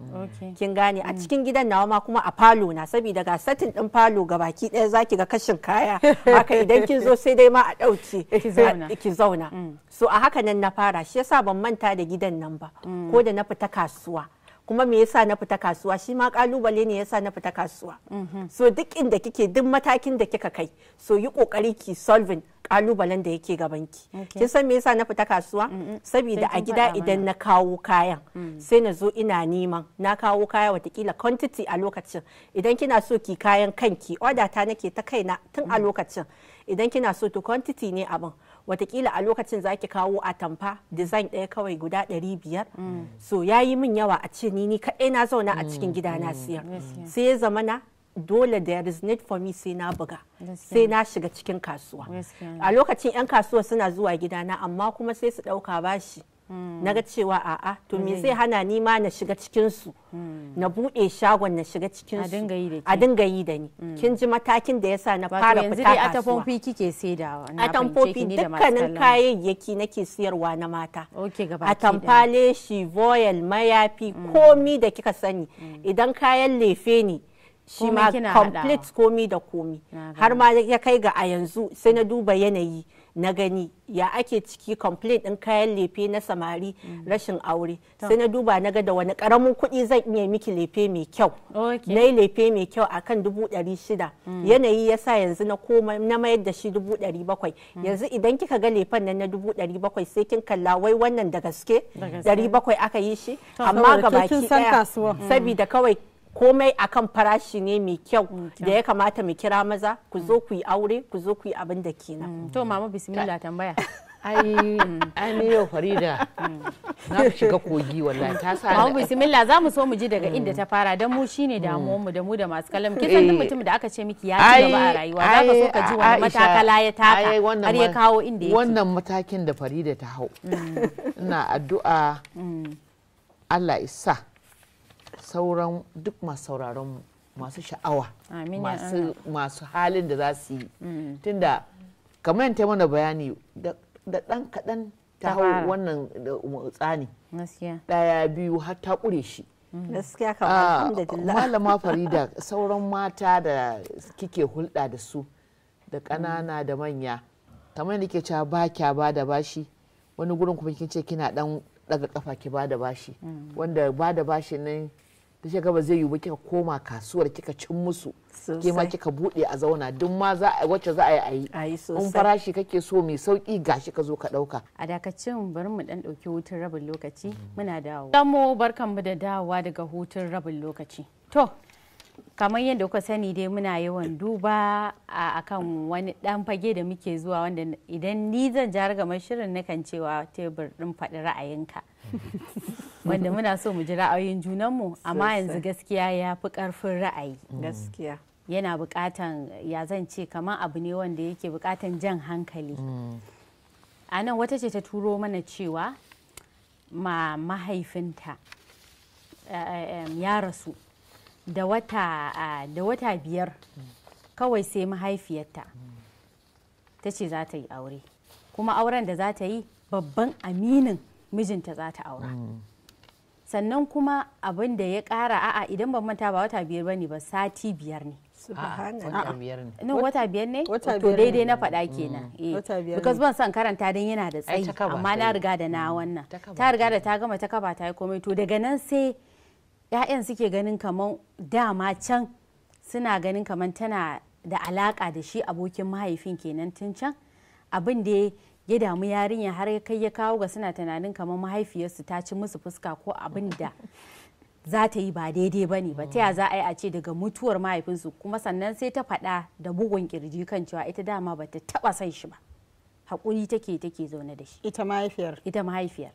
kin gane a mm. cikin gidan nawa ma kuma a falo na saboda ga satin din falo ga baki ɗaya zaki ga kashin kaya haka idan kin zo sai dai ma a ɗauke ki zauna mm. so a haka nan na fara shi yasa ban manta da gidan nan ba mm. ko da na fita kasuwa kuma me yasa na fita kasuwa shi ma kalubale ne yasa na fita kasuwa mm-hmm. so duk inda kike duk matakin da kika kai so yi kokari ki solving kalubalen da yake gabanki kin san me yasa na fita kasuwa mm, mm. saboda a gida idan na kawo kayan mm. sai na zo ina neman na kawo kaya watakila quantity a lokacin idan kina so ki kayan kanki order ta nake ta kaina tun a lokacin idan kina so to quantity ne abin watakila a lokacin za ki kawo atamfa design ɗaya kawai guda 500 so ya yi min yawa a ce ni ni kaɗai na zauna a cikin gida na siyar sai ya zama na. dole da is need for sai na buga sai na shiga cikin kasuwa a lokacin 'yan kasuwa suna zuwa gidana amma kuma sai su ɗauka bashi hmm. na ga cewa a'a to me zai hana ni ma na shiga cikinsu hmm. na buɗe shagon na shiga cikinsu a dinga yi da ni hmm. kin ji matakin da yasa na fara fita kasuwa a tamfofi kike saidawa a tamfofi dukkanin kayayyaki nake siyarwa na mata a tamfale shi voyal mayafi komi da kika sani idan kayan lefe ne shi ma complete komi da komi har ma ya kai ga a yanzu sai na duba yanayi na gani ya ake ciki complete din kayan lefe na samari mm. rashin aure sai na duba na ga da wani karamin kuɗi zan iya miki lefe mai kyau na yi lefe mai kyau a kan dubu ɗari shida mm. yanayi ya sa yanzu na koma na mayar da shi dubu ɗari bakwai mm. yanzu idan kika ga lefen nan na dubu ɗari bakwai sai kin kalla wai wannan da gaske ɗari bakwai aka yi shi amma ga baki ɗaya sabida kawai komai akan farashi ne mai kyau da ya kamata mu kira maza ku zo mm. ku yi aure ku zo ku yi abin da kenan mm. to mama bismillah tambaya ai ai yau farida mm. na shiga kogi wallahi ta sa mama bismillah za mu so mu ji daga inda ta fara dan mu shine damuwar mu da mu da masu kalam kin san eh. mutum da aka ce miki ya ci gaba a rayuwa za ka so ka ji wani matakala ya taka har ya kawo inda yake wannan matakin da farida ta hau ina addu'a Allah isa sauran duk masu sauraron masu sha'awa masu halin da za su yi mm. tunda kamar yanta mana bayani da ɗan kaɗan ta hau wannan um, tsani ɗaya biyu har ta ƙure shi mm. gaskiya kamar ah, malama farida sauran mata da kike hulɗa da su da ƙanana mm. da manya kamar yadda ke cewa ba kya ba da bashi wani gurin kuma kin ce kina ɗan daga kafa ki ba da bashi wanda ba da bashi nan ta shiga gaba zai yi ba kika koma kasuwar kika cin musu ke ma kika buɗe a zauna duk ma za a wacce za a yi a in farashi kake so mai sauki gashi ka zo ka ɗauka. a dakacin bari mu dan dauki hutun rabin lokaci mm. muna dawo dan mu barkan mu da dawowa daga hutun rabin lokaci to kamar yadda kuka sani dai muna yawan duba a akan wani ɗan fage da muke zuwa wanda idan ni zan jarga shirin nakan cewa tebur din faɗi ra'ayinka wanda muna so mu ji ra'ayoyin junanmu amma yanzu gaskiya ya fi karfin ra'ayi mm. gaskiya yana bukatan ya zan ce kamar abu ne wanda yake bukatan jan hankali mm. a nan wata ce ta turo mana cewa ma mahaifinta eh, eh, ya rasu da wata biyar kawai sai mahaifiyarta ta ce za ta yi aure kuma auren da za ta yi babban aminin mijinta za ta aura mm. sannan kuma abin da ya kara a'a idan ban manta ba wata biyar bane ba sati biyar ne wata biyar ne to daidai na faɗa kenan mm. eh, because ban son karanta don yana da tsayi amma na riga da na mm. wannan ta riga da ta gama ta kaba ta yi komai to daga nan sai 'ya'yan suke ganin kaman dama can suna ganin kaman tana da alaka da shi abokin mahaifin kenan tun can abin da ya damu yarinya har ya kai ya kawo ga suna tunanin kamar mahaifiyarsu ta ci musu fuska ko abin da za ta yi ba daidai ba ne ba ta ya za a yi a ce daga mutuwar mahaifinsu kuma sannan sai ta faɗa da bugun kirji kan cewa ita dama ba ta taɓa son shi ba haƙuri take take zaune da shi ita mahaifiyar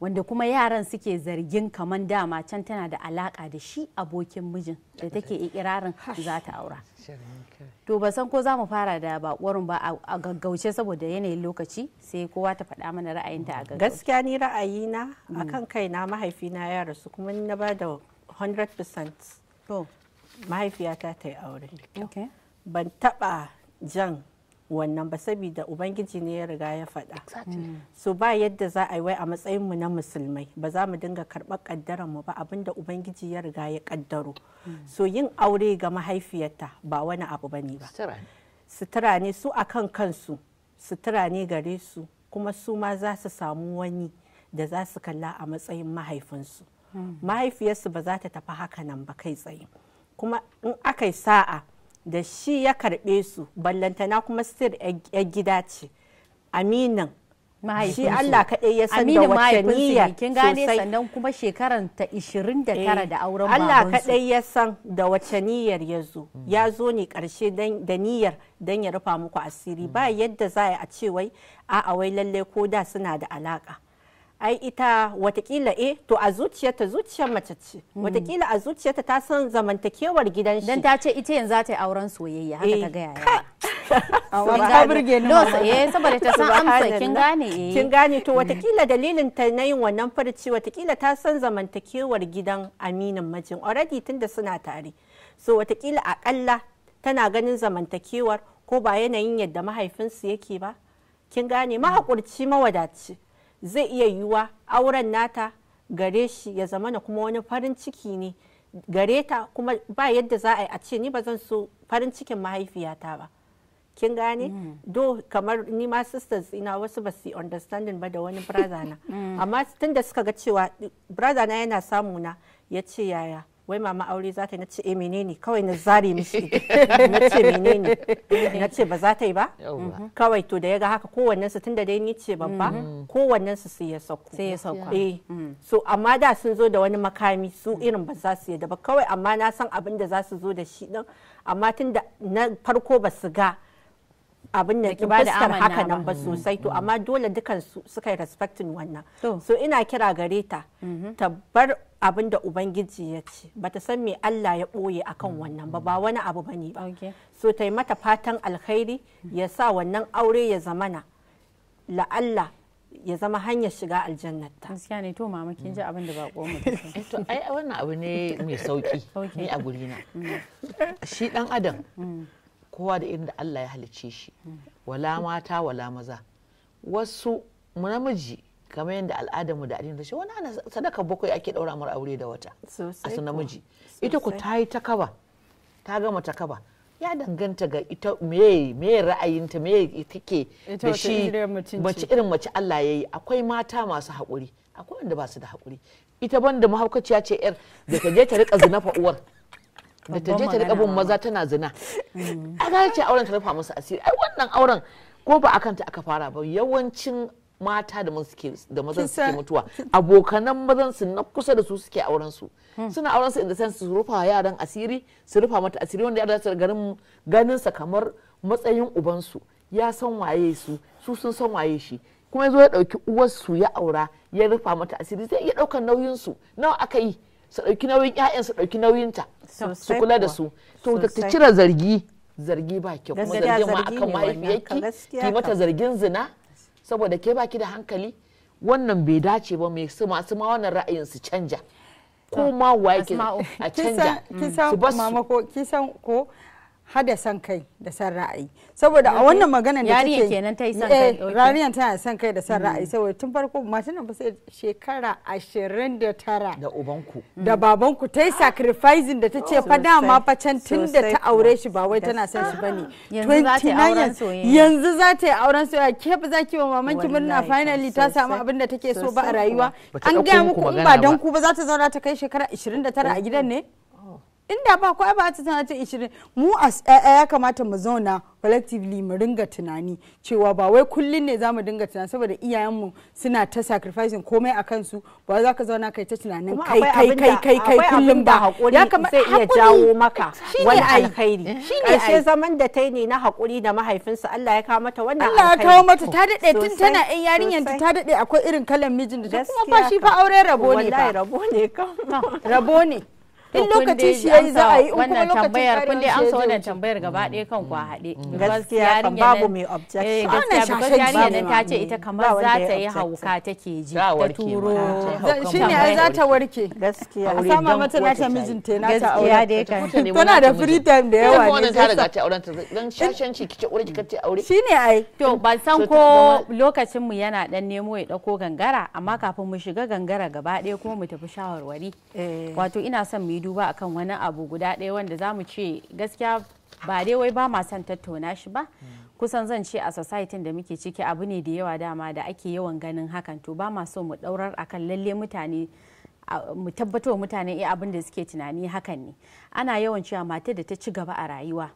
wanda kuma yaran suke zargin kaman dama can tana da alaka da shi abokin mijin da take ikirarin za ta aura to ba san ko za mu fara da bakwarin ba a gaggauce saboda yanayin lokaci sai kowa ta faɗa mana ra'ayinta a gaggauce gaskiya ni ra'ayina mm. akan kaina mahaifina ya rasu kuma ni na ba da 100% mahaifiyata ta yi aure ban taɓa jan wannan ba saboda ubangiji ne ya riga ya faɗa mm. so ba yadda za a yi wai a matsayin mu na musulmai ba za mu dinga karɓar ƙaddaran mu ba abinda ubangiji ya riga ya ƙaddaro mm. so yin aure ga mahaifiyarta ba wani abu bane ba sutura ne su akan kansu sutura ne gare su kuma su ma za su samu wani da za su kalla a matsayin mahaifinsu mm. mahaifiyarsu ba za ta tafi haka nan ba kai tsaye kuma in aka yi sa'a da shi ya karbe su ballantana kuma sir ya gida ce aminin shi Allah kaɗai ya san da wacce niyya sosai sannan kuma shekaran ta 29 eh, da auren Allah kaɗai ya san da wacce niyyar ya zo ya zo ne ƙarshe da niyyar don ya rufa muku asiri ba yadda za a ce wai a'a wai lallai ko da suna da alaƙa ai ita watakila eh to a zuciyarta zuciyar mace ce hmm. watakila a zuciyarta ta san zamantakewar gidan shi dan ta ce ita yanzu za ta yi auren soyayya haka ta eh, gaya ka burge ni eh saboda ta san amsa kin gane eh kin gane to hmm. watakila dalilin ta na yin wannan farci watakila ta san zamantakewar gidan aminin mijin already tunda suna tare so watakila akalla tana ganin zamantakewar ko ba yanayin yadda mahaifinsu yake ba kin gane hmm. mahaƙurci mawadaci zai iya yiwuwa auren nata gare shi ya zama na kuma wani farin ciki ne gare ta kuma ba yadda za a yi a ce ni ba zan so farin cikin mahaifiyata ba kin gane mm. do kamar ni ma sisters ina wasu ba su understanding ba da wani brother na mm. amma tun da suka ga cewa brother na yana samu na ya ce yaya wai mama aure za ta yi na ce eh, menene kawai na zare mishi na ce menene na ce ba za ta yi ba mhm. kawai to da ya ga haka kowannen su tunda dai ni ce babba mhm. kowannen su sai ya sauko sai ya sauko eh mm. so amma da sun zo da wani makami su irin ba za su yadda ba kawai amma na san abin da za su zo da shi din amma tunda na farko ba su ga abin da fuskar haka nan ba mm. sosai to mm. amma dole dukan suka yi respectin wannan so ina kira gare ta mm-hmm. ta bar abin da ubangiji ya ce bata san me Allah ya ɓoye akan wannan ba ba mm-hmm. wani abu bane ba so ta yi mata fatan alkhairi ya sa wannan aure ya zamana la'alla ya zama hanyar shiga aljannata. Gaskiya ne to mama kin ji mm. abin da ba mu To ai wannan abu ne mai sauki ni a gurina. Shi dan adam kowa da irin da Allah ya halicce shi wala mata wala maza wasu namiji kamar yadda mu da addinin shi wani ana sadaka bakwai ake daura mar aure da wata a su namiji ita ku ta yi ta kaba ta gama ta kaba ya danganta ga ita meye meye ra'ayinta meye take da shi mace irin mace Allah ya yi akwai mata masu haƙuri akwai wanda ba su da haƙuri ita banda mahaukaciya ce yar da ta je ta rika zinafa uwar da ta je ta riƙa bin maza tana zina mm. a gane ce auren ta rufa musu asiri ai wannan auren ko ba akan ta aka fara ba yawancin mata da suke da mazan suke mutuwa abokanan mazan su na kusa da su suke auren su hmm. suna auren su inda san su rufa yaran asiri su rufa mata asiri wanda yara su garin ganin sa kamar matsayin uban su ya san waye su su sun san waye shi kuma yazo ya dauki uwar su ya aura ya rufa mata asiri zai iya daukar nauyin su nawa aka yi su ɗauki nauyin 'ya'yan su ɗauki nauyinta su kula da su to ta cire zargi zargi ba ke kuma zargi ma akan mahaifiyarki ki mata zargin zina saboda ke baki da hankali wannan bai dace ba mai su masu ma wannan ra'ayin su canja ko ma waye a canja mm. su basu ko hada san kai da san ra'ayi saboda a wannan magana da take yariyan kenan ta yi san eh, kai rariyan tana san kai da san hmm. ra'ayi saboda tun farko matan nan ba sai shekara 29 da ubanku hmm. da babanku ta yi sacrificing da ta ce fa oh, dama fa can tun da ta aure shi ba wai tana san shi bane 29 ah, yanzu za ta yi auren soyayya ke ba za ki wa ki murna finally ta samu abin da take so ba a rayuwa an ga muku in ba dan ku ba za ta zauna ta kai shekara 29 a gidan ne inda ba ko ba ta tana ta 20 mu as ya kamata mu zauna collectively mu ringa tunani cewa ba wai kullun ne za mu dinga tunani saboda iyayenmu suna ta sacrificing komai a kansu ba za ka zauna kai ta tunanin kai kai kai kai kai kullun ba ya kamata sai iya jawo maka wani alkhairi karshe zaman da ta ne na hakuri da mahaifinsa Allah ya kawo mata wannan Allah ya kawo mata ta dade tun tana ɗan yarinyar ta ta dade akwai irin kalan mijin da kuma ba shi fa aure rabo ne ba rabo ne rabo ne in lokacin shi yayi za a yi in kuma lokacin kun dai amsa wannan tambayar gaba ɗaya kan ku haɗe mm. gaskiya kan babu mai objection eh, wannan shashen ne ta ce ita kamar za ta yi hauka take ji ta turo ne ai za ta warke gaskiya a sama mata ta mijin ta na ta aure gaskiya tana da free time da yawa ne wannan ta riga ta auren ta dan shashen ci kike aure kike ta aure ne ai to ban san ko lokacin mu yana dan nemo ya dauko gangara amma kafin mu shiga gangara gaba ɗaya kuma mu tafi shawarwari wato ina son mu yi duba akan wani abu guda ɗaya wanda za mu ce gaskiya ba dai wai ba ma son tattauna shi ba kusan zan ce a society da muke ciki abu ne da yawa dama da ake yawan ganin hakan to ba ma so mu ɗaurar akan lalle mutane mu tabbatar mutane iya eh abin da suke tunani hakan ne ana yawan cewa mata da ta ci gaba a rayuwa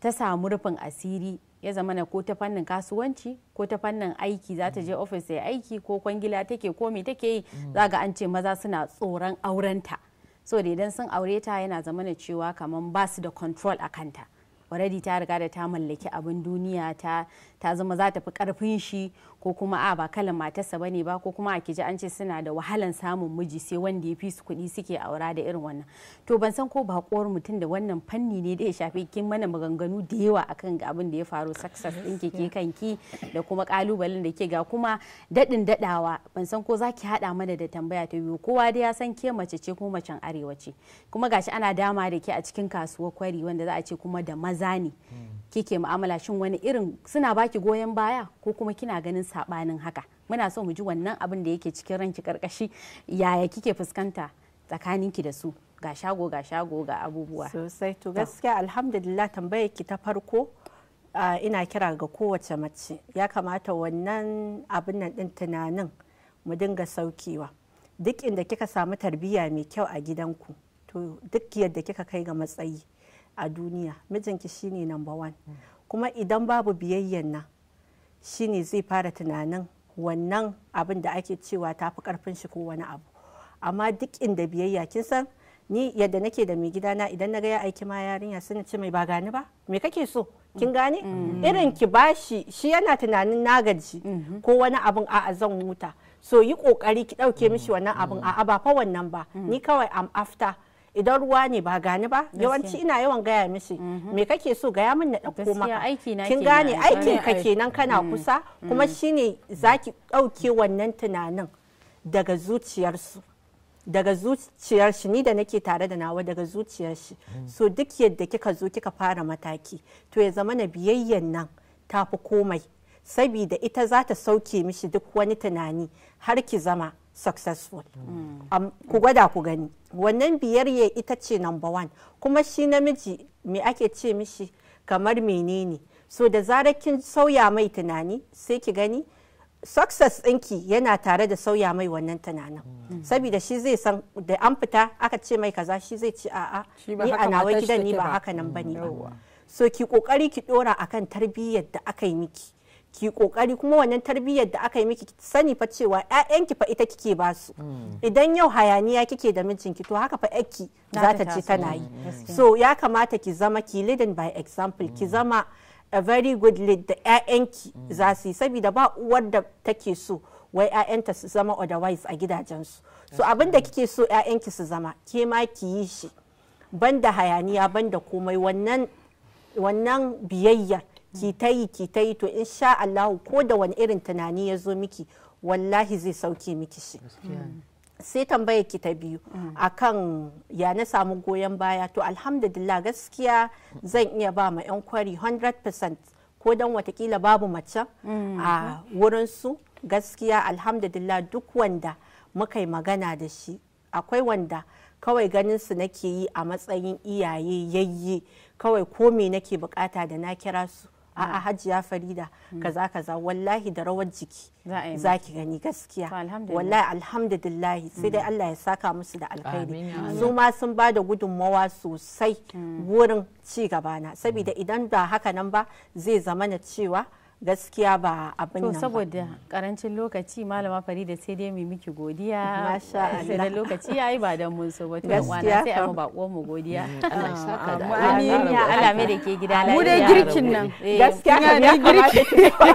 ta samu rufin asiri ya zama na ko ta fannin kasuwanci ko ta fannin aiki za ta je ofis ya aiki ko kwangila take ko me take yi mm. za ga an ce maza suna tsoron aurenta. so da idan sun aure ta yana zama na cewa kamar ba su da control a kanta already ta riga da ta mallaki abin duniya ta ta zama za ta fi karfin shi ko kuma a ba kalan matarsa bane ba ko kuma a kiji an ce suna da wahalan samun miji sai wanda ya fi su kuɗi suke aura da irin wannan to ban san ko kowar mutum da wannan fanni ne da ya shafi kin mana maganganu da yawa akan abin da ya faru success din ki ke kanki da kuma kalubalen da ke ga kuma dadin dadawa ban san ko zaki hada mana da tambaya ta biyu kowa da ya san ke mace ce ko macen arewa ce kuma gashi ana dama da ke a cikin kasuwar kwari wanda za a ce kuma da maza ne hmm. kike mu'amala shin wani irin suna baki goyon baya ko kuma kina ganin sabanin haka muna so mu ji wannan abin da yake cikin ranki karkashi yaya kike fuskanta tsakaninki da su ga shago ga shago ga abubuwa sosai to gaskiya alhamdulillah tambayar ki ta farko ina kira ga kowace mace ya kamata wannan abin nan din tunanin mu dinga saukewa duk inda kika samu tarbiyya mai kyau a gidanku to duk yadda kika kai ga matsayi a duniya mijinki shine number one kuma idan babu biyayyan nan shine zai fara tunanin wannan abin da ake cewa ta fi karfin shi ko wani abu amma duk inda biyayya kin san ni yadda nake da mai gidana idan na ga ya aiki ma yarinya sun ce mai ba gani ba me kake so kin gane mm. irin ki bashi shi yana tunanin na gaji mm-hmm. ko wani abin a'a zan huta so yi kokari ki dauke mishi mm. wannan abin mm. a'a ba fa wannan ba ni kawai am after idan ruwa ne ba gani ba yawanci ina yawan gaya mishi mhm. me kake so gaya min na dauko maka kin gane aikin ka kenan kana mm. kusa kuma mm. shine zaki ɗauke wannan tunanin daga zuciyar su daga zuciyar shi ni da nake tare da nawa daga zuciyar shi mm. so duk yadda kika zo kika fara mataki to ya zama na biyayyan nan tafi komai sabida ita za ta sauke mishi duk wani tunani har ki zama successful mm. ku gwada ku gani wannan biyayya ita ce number one kuma shi namiji me ake ce mishi kamar menene so da zarar kin sauya mai tunani sai ki gani success ɗinki yana tare da sauya mai wannan tunanin mm. saboda shi zai san da an fita aka ce mai kaza shi zai ci a'a ni a nawa gidan ni ba haka nan bane ba so ki kokari ki dora akan tarbiyyar da aka yi miki ki kokari kuma wannan tarbiyyar da aka yi miki sani fa cewa ƴaƴanki fa ita kike ba su hmm. idan yau hayaniya kike da mijinki to haka fa ƴaƙi za ta ce tana yi hmm, so ya kamata ki zama ki leading by example ki hmm. zama a very good lead da ƴaƴanki za su yi saboda ba uwar da take so wai ƴaƴanta su zama otherwise a gidajensu so abin da kike so ƴaƴanki su zama ke ma ki yi shi banda hayaniya banda komai wannan wannan biyayyar ki ta yi ki ta yi to insha Allah ko da wani irin tunani ya zo miki wallahi zai sauke miki shi mm. sai tambayar ki ta biyu mm. akan ya na samu goyon baya to alhamdulillah gaskiya zan iya ba ma yan kwari 100% ko dan watakila babu mace mm. a wurin su gaskiya alhamdulillah duk wanda muka yi magana da shi akwai wanda kawai ganin su nake yi a matsayin iyaye yayye kawai ko me nake bukata da na kira su a'a mm. hajiya farida mm. kaza kaza wallahi da rawar jiki za ki gani gaskiya wallahi alhamdulillahi sai dai mm. Allah ya saka musu da alkhairi su ma sun ba da gudunmawa sosai wurin ci gaba na saboda idan da haka nan ba zai zama na cewa gaskiya ba abin nan to saboda karancin lokaci malama farida sai dai mu miki godiya masha Allah da lokaci yayi ba dan mun so ba to kwana sai amma uwan mu godiya eh, Allah da amin ya Allah mai da ke gida lafiya mu dai girkin nan eh, gaskiya ne girki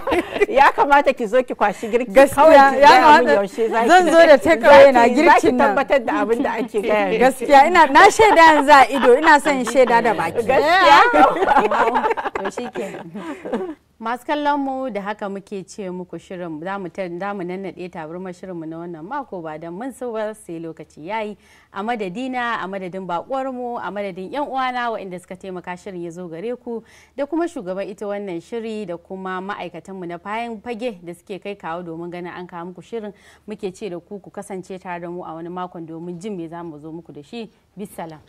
ya kamata ki zo ki kwashi girki gaskiya ya yaushe zaki zan zo da take away na girkin nan tabbatar da abin da ake eh, gaya gaskiya ina na shaida yanzu a ido ina son shaida da baki gaskiya to shikenan masu kallon mu da haka muke ce muku shirin za mu nannaɗe tabarmar mu na wannan mako ba don mun ba sai lokaci ya yi a madadina a madadin bakuwar mu a madadin yan uwana waɗanda suka taimaka shirin ya zo gare ku da kuma shugaban ita wannan shiri da kuma ma'aikatan mu na fayan fage da suke kai kawo domin ganin an kawo muku shirin muke ce da ku ku kasance tare da mu a wani makon domin jin me za mu zo muku da shi bisalam.